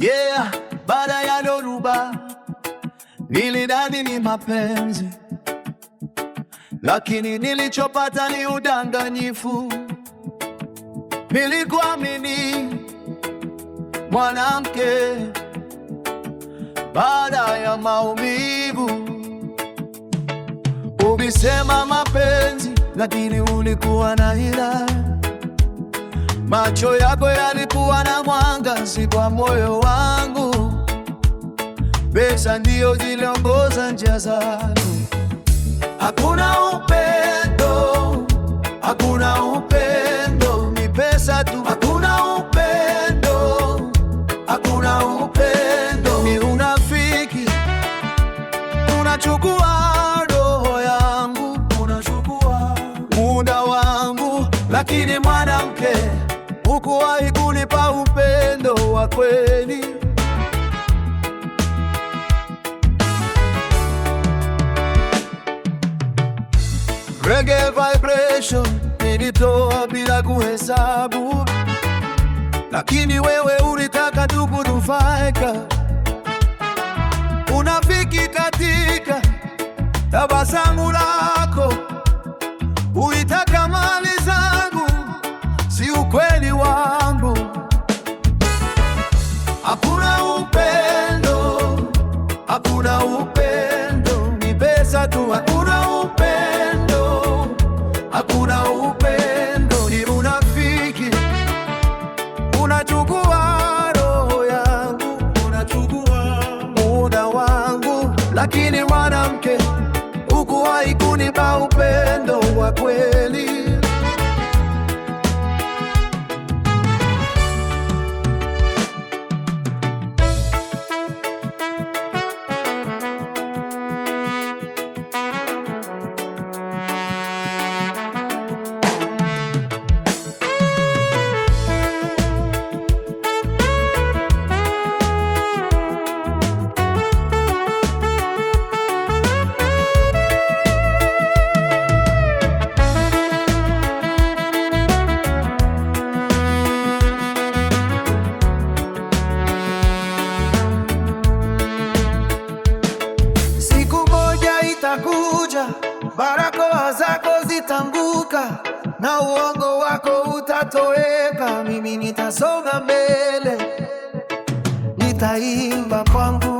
yeah. Baada ya dhoruba nilidhani ni mapenzi, lakini nilichopata ni udanganyifu. Nilikuamini mwanamke baada ya maumivu. Ulisema mapenzi, lakini ulikuwa na hila. Macho yako yalikuwa na mwanga naishi kwa moyo wangu, pesa ndiyo jiliongoza njia zangu. Hakuna upendo, hakuna upendo, ni pesa tu. Hakuna upendo, hakuna upendo, ni unafiki. Unachukua roho yangu, unachukua muda wangu, lakini mwanamke hukuwahi kunipa upendo wa kweli. Reggae vibration nilitoa bila kuhesabu, lakini wewe ulitaka tukunufaika. Unafiki katika tabasamu lako, uitaka mali upendo ni pesa tu, hakuna upendo, hakuna upendo, ni unafiki. Unachukua roho yangu, unachukua muda wangu, lakini mwanamke, huku haikunipa upendo wa kweli. utatoka na uongo wako utatoweka. Mimi nitasonga mbele, nitaimba kwangu